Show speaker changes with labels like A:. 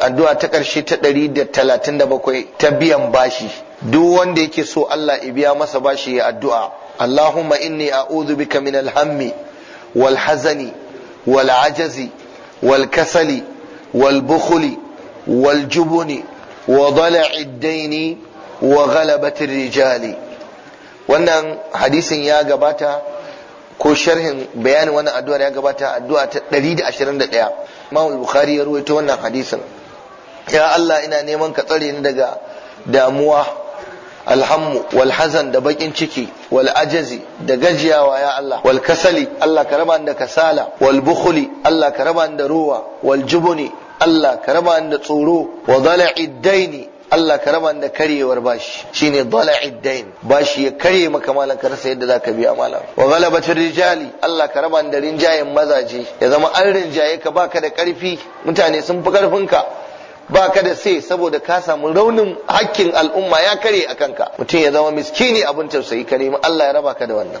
A: addu'a ta ƙarshe ta 137 ta biyan bashi duk wanda yake so Allah ya biya masa bashi ya addu'a Allahumma inni a'udhu bika min alhammi wal hazani wal ajazi wal kasali wal bukhli wal jubuni wa dala'i daini wa ghalabati rijali wannan hadisin ya gabata ko sharhin bayanin wannan addu'a ya gabata addu'a ta 121 Imam Bukhari ya ruwaito wannan hadisin ya Allah ina neman ka tsare ni daga damuwa alhammu wal hazan da bakin ciki wal ajazi da gajiyawa ya Allah wal kasali Allah ka raba ni da kasala
B: wal bukhli
A: Allah ka raba ni da ruwa wal jubuni Allah ka raba ni da tsoro wa dala'i daini Allah ka raba da karyewar bashi shine dala'id dain bashi ya karye maka malan ka rasa yadda zaka biya malam wa ghalabatir rijali Allah ka raba da rinjayen mazaje ya zama an rinjaye ka baka da karfi mutane sun fi karfinka ba ka da sai saboda ka samu raunin hakkin al'umma ya kare a kanka mutum ya zama miskini abin tausayi ka nemi Allah ya raba ka da wannan